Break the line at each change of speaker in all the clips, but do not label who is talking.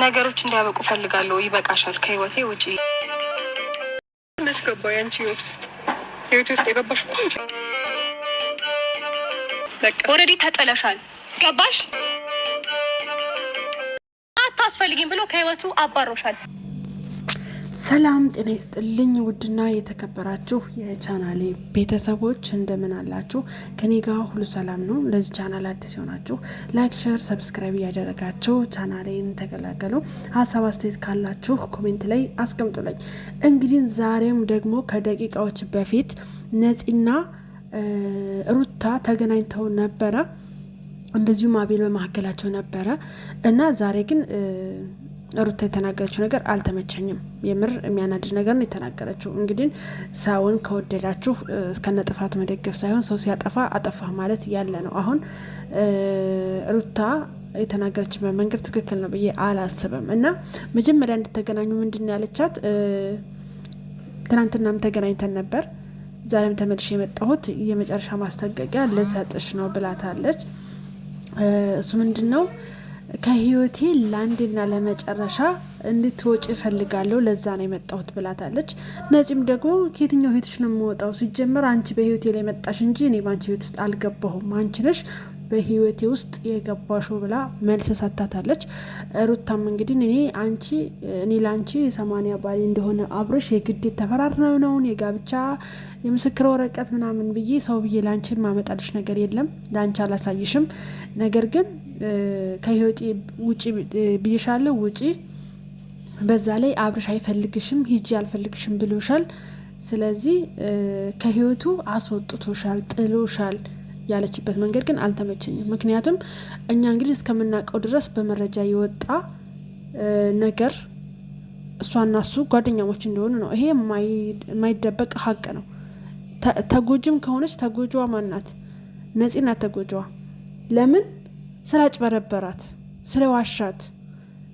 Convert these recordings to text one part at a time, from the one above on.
ነገሮች እንዲያበቁ ፈልጋለሁ። ይበቃሻል፣ ከህይወቴ ውጪ ነች ገባ የአንቺ ህይወት ውስጥ ህይወት ውስጥ የገባሽ በቃ ኦልሬዲ ተጥለሻል። ገባሽ አታስፈልጊም ብሎ ከህይወቱ አባሮሻል።
ሰላም ጤና ይስጥልኝ። ውድና የተከበራችሁ የቻናሌ ቤተሰቦች እንደምን አላችሁ? ከኔ ጋር ሁሉ ሰላም ነው። ለዚህ ቻናል አዲስ የሆናችሁ ላይክ፣ ሸር፣ ሰብስክራይብ እያደረጋችሁ ቻናሌን ተቀላቀሉ። ሀሳብ አስተያየት ካላችሁ ኮሜንት ላይ አስቀምጡልኝ። እንግዲህ ዛሬም ደግሞ ከደቂቃዎች በፊት ነፂና ሩታ ተገናኝተው ነበረ። እንደዚሁም አቤል በመካከላቸው ነበረ እና ዛሬ ግን ሩታ የተናገረችው ነገር አልተመቸኝም። የምር የሚያናድድ ነገር ነው የተናገረችው። እንግዲህ ሰውን ከወደዳችሁ እስከነ ጥፋት መደገፍ ሳይሆን ሰው ሲያጠፋ አጠፋ ማለት ያለ ነው። አሁን ሩታ የተናገረችበት መንገድ ትክክል ነው ብዬ አላስብም እና መጀመሪያ እንድተገናኙ ምንድን ያለቻት ትናንትናም ተገናኝተን ነበር ዛሬም ተመልሼ የመጣሁት የመጨረሻ ማስጠንቀቂያ ልሰጥሽ ነው ብላታለች። እሱ ምንድን ነው ከህይወቴ ለአንድና ለመጨረሻ እንድትወጪ እፈልጋለሁ ለዛ ነው የመጣሁት ብላታለች። ነፂም ደግሞ ከየትኛው ህይወትሽ ነው የምወጣው? ሲጀመር አንቺ በህይወቴ ላይ መጣሽ እንጂ እኔ በአንቺ ህይወት ውስጥ አልገባሁም። አንቺ ነሽ በህይወቴ ውስጥ የገባሽው ብላ መልስ ሰታታለች። ሩታም እንግዲህ እኔ አንቺ እኔ ለአንቺ ሰማንያ ባሌ እንደሆነ አብረሽ የግድ የተፈራርነው ነውን የጋብቻ የምስክር ወረቀት ምናምን ብዬ ሰው ብዬ ላንቺን ማመጣልሽ ነገር የለም ለአንቺ አላሳይሽም። ነገር ግን ከህይወቴ ውጪ ብዬሻለሁ፣ ውጪ በዛ ላይ አብረሽ አይፈልግሽም፣ ሂጂ አልፈልግሽም ብሎሻል። ስለዚህ ከህይወቱ አስወጥቶሻል፣ ጥሎሻል። ያለችበት መንገድ ግን አልተመቸኝም። ምክንያቱም እኛ እንግዲህ እስከምናውቀው ድረስ በመረጃ የወጣ ነገር እሷና እሱ ጓደኛሞች እንደሆኑ ነው። ይሄ የማይደበቅ ሀቅ ነው። ተጎጂም ከሆነች ተጎጂዋ ማናት? ነፂ ናት ተጎጂዋ። ለምን ስላጭበረበራት፣ ስለዋሻት፣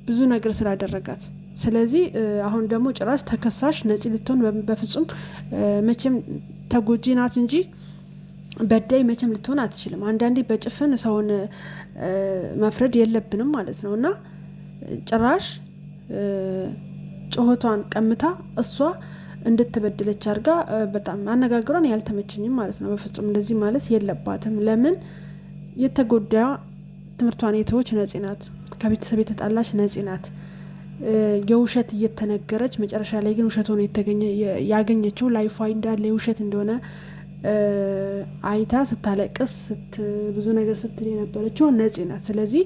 ብዙ ነገር ስላደረጋት ስለዚህ አሁን ደግሞ ጭራሽ ተከሳሽ ነፂ ልትሆን በፍጹም መቼም ተጎጂ ናት እንጂ በዳይ መቼም ልትሆን አትችልም። አንዳንዴ በጭፍን ሰውን መፍረድ የለብንም ማለት ነው እና ጭራሽ ጩኸቷን ቀምታ እሷ እንድትበድለች አድርጋ በጣም አነጋግሯን ያልተመቸኝም ማለት ነው። በፍጹም እንደዚህ ማለት የለባትም። ለምን የተጎዳ ትምህርቷን የተወች ነጽ ናት። ከቤተሰብ የተጣላች ነጽ ናት። የውሸት እየተነገረች መጨረሻ ላይ ግን ውሸት ሆኖ ያገኘችው ላይፏ እንዳለ የውሸት እንደሆነ አይታ ስታለቅስ ብዙ ነገር ስትል የነበረችው ነፂ ናት። ስለዚህ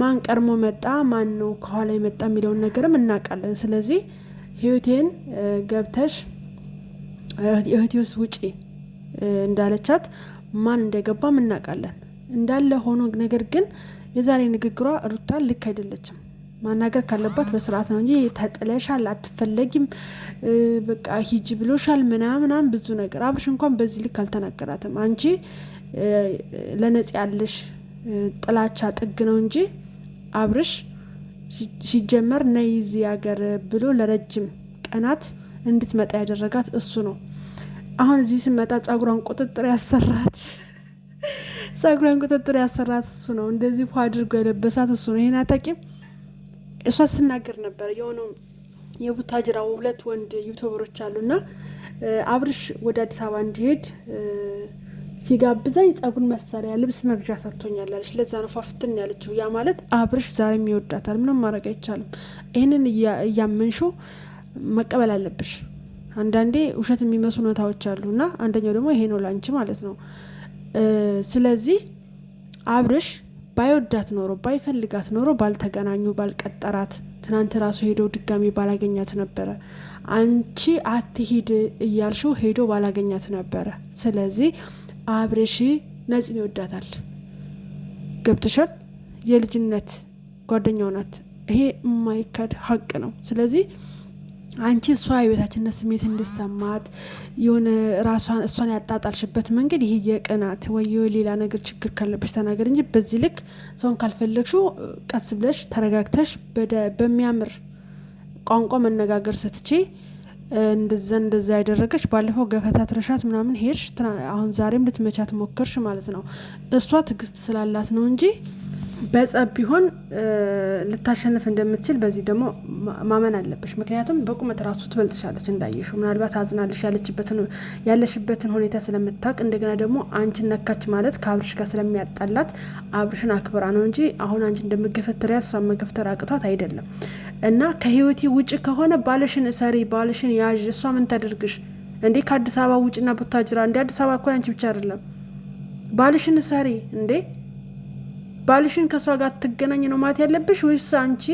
ማን ቀድሞ መጣ፣ ማን ነው ከኋላ የመጣ የሚለውን ነገርም እናውቃለን። ስለዚህ ህይወቴን ገብተሽ እህቴ ውስጥ ውጪ እንዳለቻት ማን እንደገባም እናውቃለን። እንዳለ ሆኖ ነገር ግን የዛሬ ንግግሯ ሩታ ልክ አይደለችም። ማናገር ካለባት በስርዓት ነው እንጂ ተጥለሻል፣ አትፈለጊም፣ በቃ ሂጂ ብሎሻል ምናምናም ብዙ ነገር አብርሽ እንኳን በዚህ ልክ አልተናገራትም። አንቺ ለነጽ ያለሽ ጥላቻ ጥግ ነው እንጂ አብርሽ ሲጀመር ነይ እዚህ ሀገር ብሎ ለረጅም ቀናት እንድትመጣ ያደረጋት እሱ ነው። አሁን እዚህ ስመጣ ጸጉሯን ቁጥጥር ያሰራት ጸጉሯን ቁጥጥር ያሰራት እሱ ነው። እንደዚህ አድርጎ የለበሳት እሱ ነው። ይሄን አታውቂም? እሷ ስናገር ነበር የሆነው የቡታጅራው ሁለት ወንድ ዩቱበሮች አሉና አብርሽ ወደ አዲስ አበባ እንዲሄድ ሲጋብዛኝ ጸጉን መሳሪያ ልብስ መግዣ ሰጥቶኛል አለች። ለዛ ነው ፏፍትን ያለችው። ያ ማለት አብርሽ ዛሬም ይወዳታል። ምንም ማድረግ አይቻልም። ይህንን እያመንሾ መቀበል አለብሽ። አንዳንዴ ውሸት የሚመስሉ ሁኔታዎች አሉና አንደኛው ደግሞ ይሄ ነው ላንቺ ማለት ነው። ስለዚህ አብርሽ ባይወዳት ኖሮ ባይፈልጋት ኖሮ ባልተገናኙ ባልቀጠራት፣ ትናንት ራሱ ሄዶ ድጋሚ ባላገኛት ነበረ። አንቺ አትሂድ እያልሽው ሄዶ ባላገኛት ነበረ። ስለዚህ አብርሽ ነጽን ይወዳታል። ገብትሻል? የልጅነት ጓደኛው ናት። ይሄ የማይካድ ሀቅ ነው። ስለዚህ አንቺ እሷ የበታችነት ስሜት እንድሰማት የሆነ ራሷን እሷን ያጣጣልሽበት መንገድ ይሄ የቅናት ወይ ሌላ ነገር ችግር ካለብሽ ተናገር እንጂ በዚህ ልክ ሰውን ካልፈለግሽው ቀስ ብለሽ ተረጋግተሽ በሚያምር ቋንቋ መነጋገር ስትቼ እንደዛ እንደዛ ያደረገች ባለፈው ገፈታ ትረሻት ምናምን ሄድሽ። አሁን ዛሬም ልትመቻት ሞክርሽ ማለት ነው። እሷ ትዕግስት ስላላት ነው እንጂ በጸብ ቢሆን ልታሸንፍ እንደምትችል በዚህ ደግሞ ማመን አለብሽ። ምክንያቱም በቁመት ራሱ ትበልጥሻለች እንዳየሽው። ምናልባት አዝናልሽ ያለሽበትን ሁኔታ ስለምታውቅ እንደገና ደግሞ አንቺን ነካች ማለት ከአብርሽ ጋር ስለሚያጣላት አብርሽን አክብራ ነው እንጂ አሁን አንቺ እንደምገፈተሪያ እሷን መገፍተር አቅቷት አይደለም። እና ከህይወቴ ውጭ ከሆነ ባልሽን እሰሪ፣ ባልሽን ያዥ። እሷ ምን ታደርግሽ እንዴ? ከአዲስ አበባ ውጭና ቡታጅራ እንዴ? አዲስ አበባ እኮ አንቺ ብቻ አይደለም። ባልሽን እሰሪ እንዴ ባልሽን ከእሷ ጋር ትገናኝ ነው ማለት ያለብሽ ወይስ አንቺ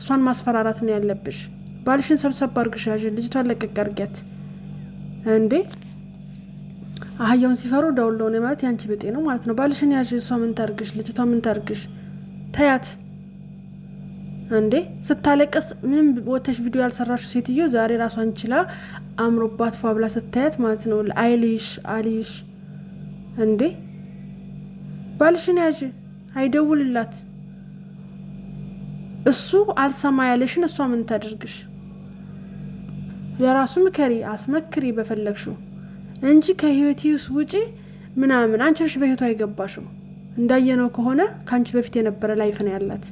እሷን ማስፈራራት ነው ያለብሽ? ባልሽን ሰብሰብ አድርግሽ ያዥ። ልጅቷን ለቀቅ አድርጊያት እንዴ! አህያውን ሲፈሩ ደውል ማለት የአንቺ ብጤ ነው ማለት ነው። ባልሽን ያዥ። እሷ ምን ታርግሽ? ልጅቷ ምን ታርግሽ? ተያት እንዴ! ስታለቀስ ምንም ወተሽ ቪዲዮ ያልሰራሽ ሴትዮ ዛሬ ራሷን ችላ አምሮባት ፏ ብላ ስታያት ማለት ነው። አይልሽ አልሽ እንዴ! ባልሽን ያዥ። አይደውልላት። እሱ አልሰማ ያለሽን እሷ ምን ታደርግሽ? ለራሱ ምከሪ፣ አስመክሪ በፈለግሽው እንጂ ከህይወቴ ውጪ ምናምን አንቺ ነሽ በህይወቱ አይገባሽው። እንዳየነው ከሆነ ከአንቺ በፊት የነበረ ላይፍ ነው ያላት።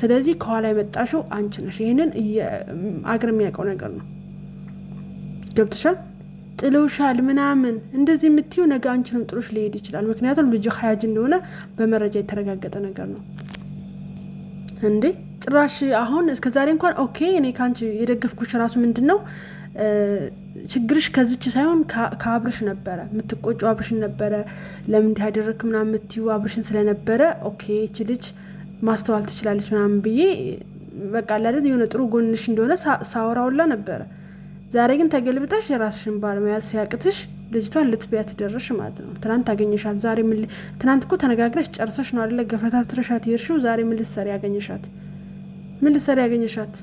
ስለዚህ ከኋላ የመጣሽው አንቺ ነሽ። ይህንን አገር የሚያውቀው ነገር ነው። ገብትሻል? ጥለውሻል ምናምን እንደዚህ የምትዩ ነገ አንቺንም ጥሎሽ ሊሄድ ይችላል። ምክንያቱም ልጅ ሀያጅ እንደሆነ በመረጃ የተረጋገጠ ነገር ነው። እንዴ ጭራሽ አሁን እስከ ዛሬ እንኳን ኦኬ፣ እኔ ከአንቺ የደገፍኩሽ ራሱ ምንድን ነው ችግርሽ ከዚች ሳይሆን ከአብርሽ ነበረ የምትቆጩ፣ አብርሽን ነበረ ለምን እንዲህ ያደረግክ ምናምን የምትዩ አብርሽን ስለነበረ ኦኬ፣ ይቺ ልጅ ማስተዋል ትችላለች ምናምን ብዬ በቃ ላደት የሆነ ጥሩ ጎንሽ እንደሆነ ሳወራውላ ነበረ ዛሬ ግን ተገልብጠሽ የራስሽን ባል መያዝ ሲያቅትሽ ልጅቷን ልትቢያት ደረሽ ማለት ነው። ትናንት አገኘሻት፣ ዛሬ ምን? ትናንት እኮ ተነጋግረሽ ጨርሰሽ ነው አደለ? ገፈታትረሻት የሄድሽው። ዛሬ ምን ልትሰሪ ያገኘሻት? ምን ልትሰሪ ያገኘሻት?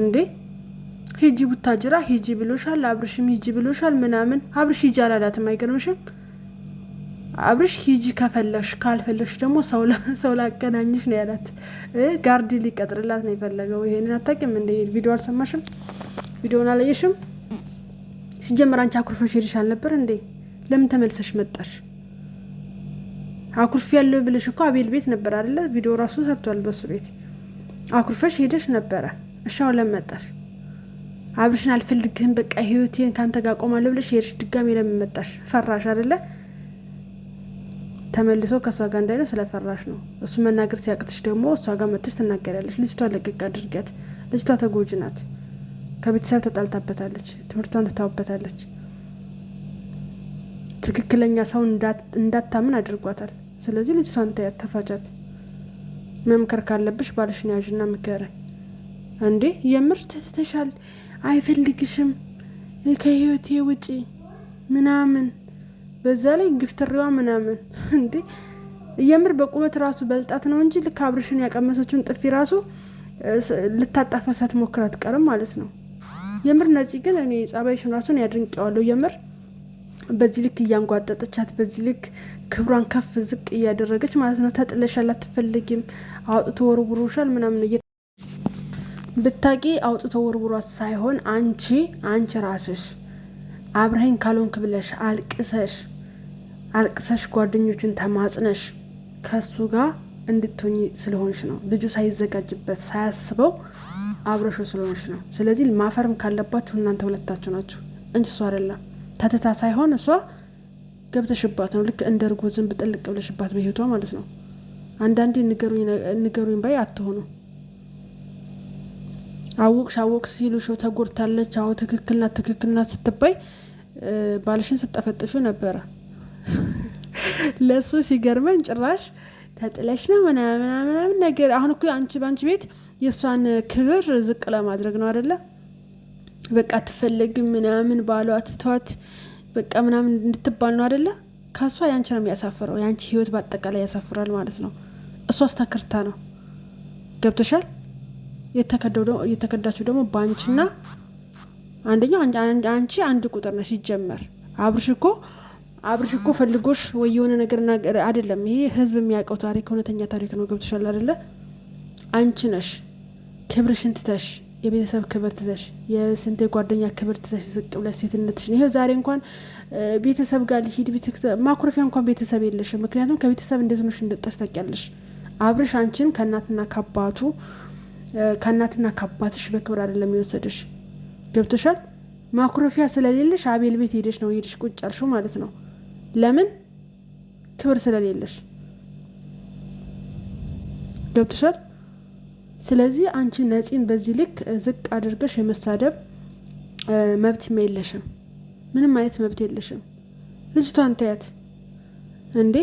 እንዴ ሂጂ ቡታጅራ ሂጂ ብሎሻል፣ አብርሽም ሂጂ ብሎሻል ምናምን። አብርሽ ሂጂ አላላትም አይገርምሽም? አብርሽ ሂጂ ከፈለሽ ካልፈለሽ ደግሞ ሰው ላገናኝሽ ነው ያላት። ጋርድ ሊቀጥርላት ነው የፈለገው። ይሄንን አታውቂም እንደ ቪዲዮ አልሰማሽም? ቪዲዮን አላየሽም? ሲጀመር አንቺ አኩርፈሽ ሄድሽ አልነበር እንዴ? ለምን ተመልሰሽ መጣሽ? አኩርፍ ያለው ብልሽ እኮ አቤል ቤት ነበር አደለ? ቪዲዮ ራሱ ሰርቷል በሱ ቤት አኩርፈሽ ሄደሽ ነበረ። እሻው ለመጣሽ አብርሽን አልፈልግህም በቃ ህይወቴን ከአንተ ጋር ቆማለሁ ብለሽ ሄድሽ። ድጋሚ ለምን መጣሽ? ፈራሽ አደለ? ተመልሶ ከእሷ ጋር እንዳይለው ስለፈራሽ ነው። እሱ መናገር ሲያቅትሽ ደግሞ እሷ ጋር መጥተሽ ትናገራለች። ልጅቷ ለቅቅ አድርጊያት። ልጅቷ ተጎጂ ናት። ከቤተሰብ ተጣልታበታለች። ትምህርቷን ትታውበታለች። ትክክለኛ ሰው እንዳታምን አድርጓታል። ስለዚህ ልጅቷን ተያት፣ ተፋጫት። መምከር ካለብሽ ባልሽን ያዥና ምከረ። እንዴ የምር ትትተሻል፣ አይፈልግሽም፣ ከህይወቴ ውጪ ምናምን በዛ ላይ ግፍትሪዋ ምናምን እንዴ የምር በቁመት ራሱ በልጣት ነው እንጂ ልክ አብርሽን ያቀመሰችውን ጥፊ ራሱ ልታጣፋ ሳትሞክር አትቀርም ማለት ነው። የምር ነፂ ግን እኔ ጸባይሽን ራሱን ያድንቀዋለሁ። የምር በዚህ ልክ እያንጓጠጠቻት በዚህ ልክ ክብሯን ከፍ ዝቅ እያደረገች ማለት ነው። ተጥለሻል፣ አትፈልጊም፣ አውጥቶ ወርውሮሻል ምናምን ብታቂ አውጥቶ ወርውሯት ሳይሆን አንቺ አንቺ ራስሽ አብረኸኝ ካልሆንክ ብለሽ አልቅሰሽ አልቅሰሽ ጓደኞችን ተማጽነሽ ከሱ ጋር እንድትሆኝ ስለሆንሽ ነው። ልጁ ሳይዘጋጅበት ሳያስበው አብረሾ ስለሆንሽ ነው። ስለዚህ ማፈርም ካለባችሁ እናንተ ሁለታችሁ ናችሁ እንጂ እሱ አይደለም። ተትታ ሳይሆን እሷ ገብተሽባት ነው። ልክ እንደ እርጎ ዝንብ ጥልቅ ብለሽባት በህይወቷ ማለት ነው። አንዳንዴ ንገሩኝ ባይ አትሆኑ። አወቅሽ አወቅሽ ሾ ተጎድታለች። አዎ ትክክልና ትክክልና ስትባይ ባልሽን ስትጠፈጥፊው ነበረ። ለእሱ ሲገርመን ጭራሽ ተጥለሽ ነው ምናምን ነገር። አሁን እኮ አንቺ በአንቺ ቤት የእሷን ክብር ዝቅ ለማድረግ ነው አደለ? በቃ አትፈለግም ምናምን ባሏ ትቷት በቃ ምናምን እንድትባል ነው አደለ? ከእሷ ያንቺ ነው የሚያሳፍረው። የአንቺ ህይወት በአጠቃላይ ያሳፍራል ማለት ነው። እሷ አስታክርታ ነው ገብቶሻል። የተከዳችው ደግሞ በአንቺና አንደኛው አንቺ አንድ ቁጥር ነው ሲጀመር አብርሽ እኮ አብርሽ እኮ ፈልጎሽ ወይ የሆነ ነገር አይደለም። ይሄ ህዝብ የሚያውቀው ታሪክ እውነተኛ ታሪክ ነው። ገብቶሻል አይደለ? አንቺ ነሽ ክብርሽን ትተሽ የቤተሰብ ክብር ትተሽ የስንቴ ጓደኛ ክብር ትተሽ ዝቅ ብለሽ ሴትነትሽ ይኸው ዛሬ እንኳን ቤተሰብ ጋር ሊሄድ ማኩረፊያ እንኳን ቤተሰብ የለሽ። ምክንያቱም ከቤተሰብ እንዴት ሆነሽ እንደጠሽ ታውቂያለሽ። አብርሽ አንቺን ከእናትና ከአባቱ ከእናትና ከአባትሽ በክብር አይደለም የወሰደሽ። ገብቶሻል? ማኩረፊያ ስለሌለሽ አቤል ቤት ሄደሽ ነው ሄደሽ ቁጭ ያልሽው ማለት ነው። ለምን ክብር ስለሌለሽ ገብቶሻል። ስለዚህ አንቺ ነፂን በዚህ ልክ ዝቅ አድርገሽ የመሳደብ መብትም የለሽም። ምንም አይነት መብት የለሽም። ልጅቷን ታያት እንዴ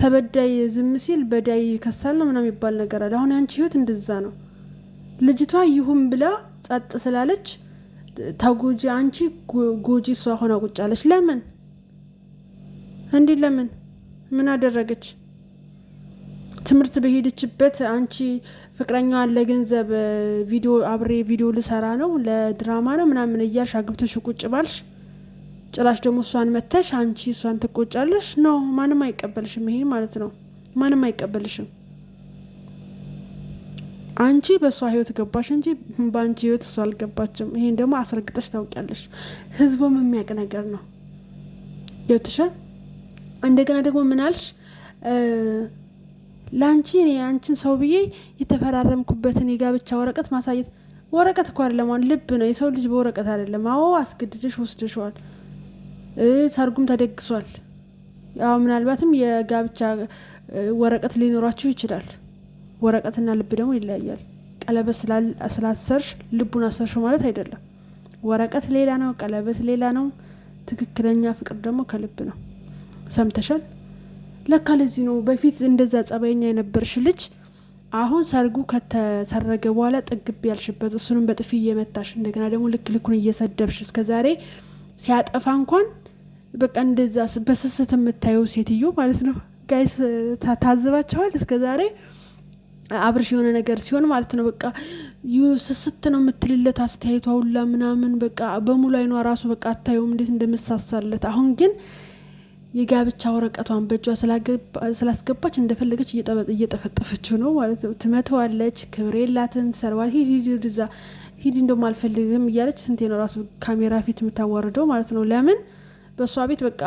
ተበዳይ ዝም ሲል በዳይ ይከሳል ነው ምናም የሚባል ነገር አለ። አሁን ያንቺ ህይወት እንድዛ ነው። ልጅቷ ይሁን ብላ ጸጥ ስላለች ተጎጂ አንቺ ጎጂ እሷ ሆና ቁጫለች ለምን እንዲ ለምን ምን አደረገች? ትምህርት በሄደችበት አንቺ ፍቅረኛዋን ለገንዘብ ቪዲዮ አብሬ ቪዲዮ ልሰራ ነው ለድራማ ነው ምናምን እያልሽ አግብተሽ ቁጭ ባልሽ ጭራሽ ደግሞ እሷን መተሽ አንቺ እሷን ትቆጫለሽ። ነው ማንም አይቀበልሽም። ይሄ ማለት ነው ማንም አይቀበልሽም። አንቺ በእሷ ህይወት ገባሽ እንጂ በአንቺ ህይወት እሷ አልገባችም። ይሄን ደግሞ አስረግጠሽ ታውቂያለሽ። ህዝቡም የሚያውቅ ነገር ነው። ገብትሻል እንደገና ደግሞ ምን አልሽ? ለአንቺ እኔ አንቺን ሰው ብዬ የተፈራረምኩበትን የጋብቻ ወረቀት ማሳየት ወረቀት እኮ አይደለም፣ ልብ ነው። የሰው ልጅ በወረቀት አይደለም። አዎ አስገድደሽ ወስደሸዋል። ሰርጉም ተደግሷል። ያው ምናልባትም የጋብቻ ወረቀት ሊኖራችሁ ይችላል። ወረቀትና ልብ ደግሞ ይለያያል። ቀለበት ስላሰርሽ ልቡን አሰርሽ ማለት አይደለም። ወረቀት ሌላ ነው፣ ቀለበት ሌላ ነው። ትክክለኛ ፍቅር ደግሞ ከልብ ነው። ሰምተሻል? ለካ ለዚህ ነው በፊት እንደዛ ጸባይኛ የነበርሽ ልጅ አሁን ሰርጉ ከተሰረገ በኋላ ጥግብ ያልሽበት፣ እሱንም በጥፊ እየመታሽ እንደገና ደግሞ ልክ ልኩን እየሰደብሽ እስከ ዛሬ ሲያጠፋ እንኳን በቃ እንደዛ በስስት የምታየው ሴትዮ ማለት ነው። ጋይስ ታዝባቸዋል። እስከ ዛሬ አብርሽ የሆነ ነገር ሲሆን ማለት ነው በቃ ስስት ነው የምትልለት አስተያየቷ ሁላ ምናምን በቃ በሙሉ አይኗ ራሱ በቃ አታየውም እንዴት እንደምሳሳለት አሁን ግን የጋብቻ ወረቀቷን በእጇ ስላስገባች እንደፈለገች እየጠፈጠፈችው ነው ማለት ነው። ትመተዋለች፣ ክብር የላትም፣ ትሰርባል። ሂድ ሂድ እዛ ሂድ፣ እንደውም አልፈልግም እያለች ስንቴ ነው ራሱ ካሜራ ፊት የምታዋርደው ማለት ነው። ለምን በእሷ ቤት በቃ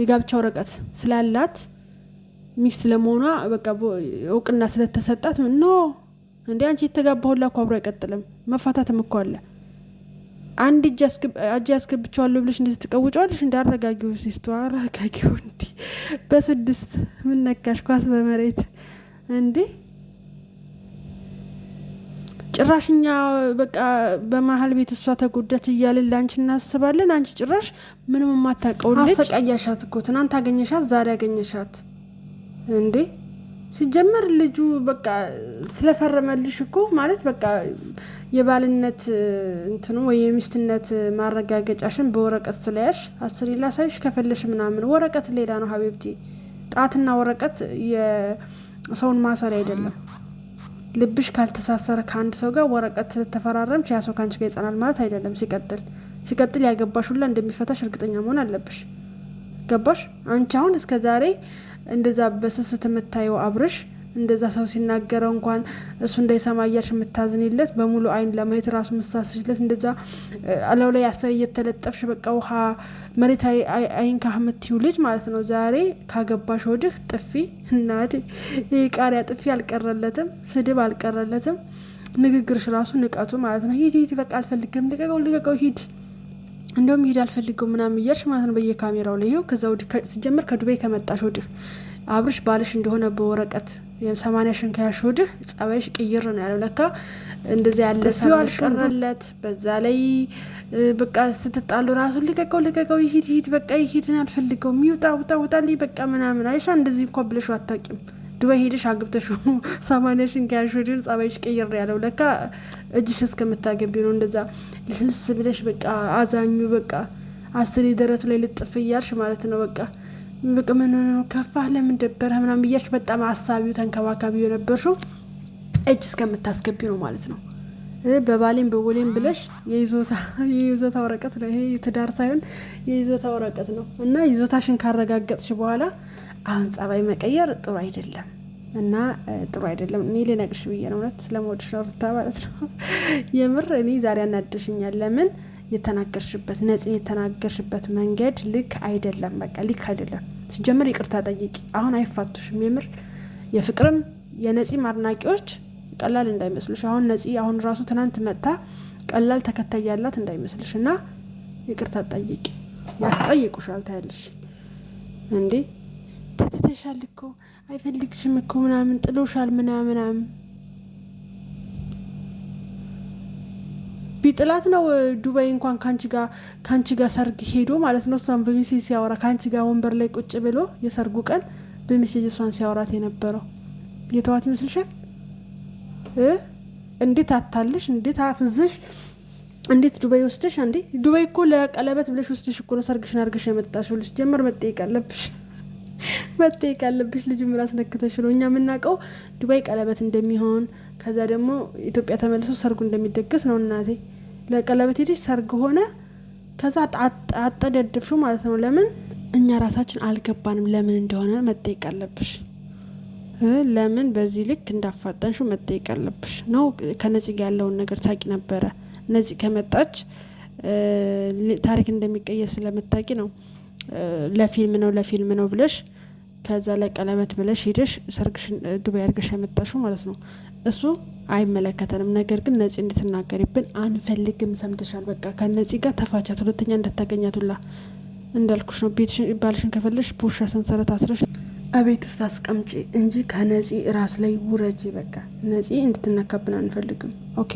የጋብቻ ወረቀት ስላላት ሚስት ለመሆኗ በቃ እውቅና ስለተሰጣት ኖ እንዲ አንቺ የተጋባሁላ እኮ አብሮ አይቀጥልም፣ መፋታትም እኮ አለ አንድ እጅ ያስገብቸዋለሁ ብለሽ እንደዚህ ትቀውጫዋለሽ። እንደ አረጋጊው ሲስቶ አረጋጊው እንዲ በስድስት ምን ኳስ በመሬት እንዲ ጭራሽኛ በቃ በመሀል ቤት እሷ ተጎዳች እያልን ለአንቺ እናስባለን። አንቺ ጭራሽ ምንም የማታውቀው ልጅ አሰቃያሻት እኮ ትናንት አገኘሻት፣ ዛሬ አገኘሻት እንዴ! ሲጀመር ልጁ በቃ ስለፈረመልሽ እኮ ማለት በቃ የባልነት እንትኑ ወይ የሚስትነት ማረጋገጫሽን በወረቀት ስለያሽ አስር ላሳይሽ ከፈለሽ ምናምን ወረቀት ሌላ ነው ሀቢብቲ። ጣትና ወረቀት የሰውን ማሰሪያ አይደለም። ልብሽ ካልተሳሰረ ከአንድ ሰው ጋር ወረቀት ስለተፈራረምሽ ያ ሰው ከአንቺ ጋር ይጸናል ማለት አይደለም። ሲቀጥል ሲቀጥል ያገባሽ ሁላ እንደሚፈታሽ እርግጠኛ መሆን አለብሽ። ገባሽ? አንቺ አሁን እስከ ዛሬ እንደዛ በስስት የምታየው አብርሽ እንደዛ ሰው ሲናገረው እንኳን እሱ እንዳይሰማ እያልሽ የምታዝኒለት በሙሉ አይን ለማየት ራሱ ምሳስችለት እንደዛ አለው ላይ ያሰ እየተለጠፍሽ በቃ ውሃ መሬት አይን ካህምትው ልጅ ማለት ነው። ዛሬ ካገባሽ ወድህ ጥፊ እናቴ ቃሪያ ጥፊ አልቀረለትም፣ ስድብ አልቀረለትም። ንግግርሽ ራሱ ንቀቱ ማለት ነው። ሂድ ሂድ፣ በቃ አልፈልግም፣ ልቀቀው፣ ልቀቀው፣ ሂድ እንደውም ይሄድ አልፈልገው ምናምን እያልሽ ማለት ነው በየካሜራው ላይ ይኸው። ከዛ ወዲህ ሲጀምር ከዱባይ ከመጣሽ ወዲህ አብርሽ ባልሽ እንደሆነ በወረቀት ሰማንያ ሽን ከያሽ ወዲህ ጸባይሽ ቅይር ነው ያለው። ለካ እንደዚያ ያለ ሰው አልቀረለት። በዛ ላይ በቃ ስትጣሉ ራሱ ልቀቀው፣ ልቀቀው፣ ይሂድ፣ ይሂድ፣ በቃ ይሂድን አልፈልገውም፣ ይውጣ፣ ውጣ፣ ውጣልኝ፣ በቃ ምናምን አይሻ። እንደዚህ እንኳ ብለሽ አታቂም። ዱባይ ሄደሽ አግብተሽ ሰማንያ ሽን ከያሽ ወዲህ ጸባይሽ ቅይር ያለው ለካ እጅሽ እስከምታገቢ ነው እንደዛ ልስልስ ብለሽ በቃ አዛኙ በቃ አስር ደረቱ ላይ ልጥፍ እያልሽ ማለት ነው በቃ በቃ ምን ከፋህ ለምን ደበረ ምናምን እያልሽ በጣም አሳቢው ተንከባካቢው የነበርሽው እጅ እስከምታስገቢ ነው ማለት ነው። በባሌም በቦሌም ብለሽ የይዞታ ወረቀት ነው ይሄ ትዳር ሳይሆን የይዞታ ወረቀት ነው። እና ይዞታሽን ካረጋገጥሽ በኋላ አሁን ጸባይ መቀየር ጥሩ አይደለም። እና ጥሩ አይደለም። እኔ ልነግርሽ ብዬ ነው እውነት ስለመወድሽ ነው ሩታ ማለት ነው። የምር እኔ ዛሬ አናደሽኛል። ለምን የተናገርሽበት ነጽን የተናገርሽበት መንገድ ልክ አይደለም። በቃ ልክ አይደለም። ሲጀምር ይቅርታ ጠይቂ። አሁን አይፋቱሽም። የምር የፍቅርም የነጺም አድናቂዎች ቀላል እንዳይመስልሽ። አሁን ነጺ አሁን ራሱ ትናንት መጥታ ቀላል ተከታይ ያላት እንዳይመስልሽ እና ይቅርታ ጠይቂ። ያስጠይቁሻል ታያለሽ እንዴ ተትተሻል እኮ አይፈልግሽም እኮ ምናምን ጥሎሻል ምናምናም ቢጥላት ነው ዱባይ እንኳን ከአንቺ ጋር ሰርግ ሄዶ ማለት ነው። እሷን በሜሴጅ ሲያወራ ከአንቺ ጋር ወንበር ላይ ቁጭ ብሎ የሰርጉ ቀን በሜሴጅ እሷን ሲያወራት የነበረው የተዋት ይመስልሻል? እንዴት አታለሽ፣ እንዴት አፍዝሽ፣ እንዴት ዱባይ ወስደሽ። አንዴ ዱባይ እኮ ለቀለበት ብለሽ ወስደሽ እኮ ነው ሰርግሽን አድርገሽ የመጣሽው። ልጅ ጀመር መጠየቅ አለብሽ። መጠየቅ ያለብሽ ልጁ ምላስ ነክተሽ ነው። እኛ የምናውቀው ዱባይ ቀለበት እንደሚሆን ከዛ ደግሞ ኢትዮጵያ ተመልሶ ሰርጉ እንደሚደገስ ነው። እናቴ ለቀለበት ሄደሽ ሰርግ ሆነ ከዛ አጠደድብሽው ማለት ነው። ለምን እኛ ራሳችን አልገባንም ለምን እንደሆነ መጠየቅ አለብሽ። ለምን በዚህ ልክ እንዳፋጠንሽው መጠየቅ አለብሽ ነው። ከነፂ ያለውን ነገር ታቂ ነበረ። ነፂ ከመጣች ታሪክ እንደሚቀየር ስለምታቂ ነው። ለፊልም ነው ለፊልም ነው ብለሽ ከዛ ቀለበት ብለሽ ሄደሽ ሰርግሽን ዱባይ አድርገሽ የመጣሽው ማለት ነው። እሱ አይመለከተንም። ነገር ግን ነፂ እንድትናገሪብን አንፈልግም። ሰምተሻል? በቃ ከነፂ ጋር ተፋቻት፣ ሁለተኛ እንዳታገኛቱላ። እንዳልኩሽ ነው ቤትሽን ባልሽን ከፈለሽ ቦሻ ሰንሰለት አስረሽ አቤት ውስጥ አስቀምጪ እንጂ ከነፂ ራስ ላይ ውረጂ። በቃ ነፂ እንድትነካብን አንፈልግም። ኦኬ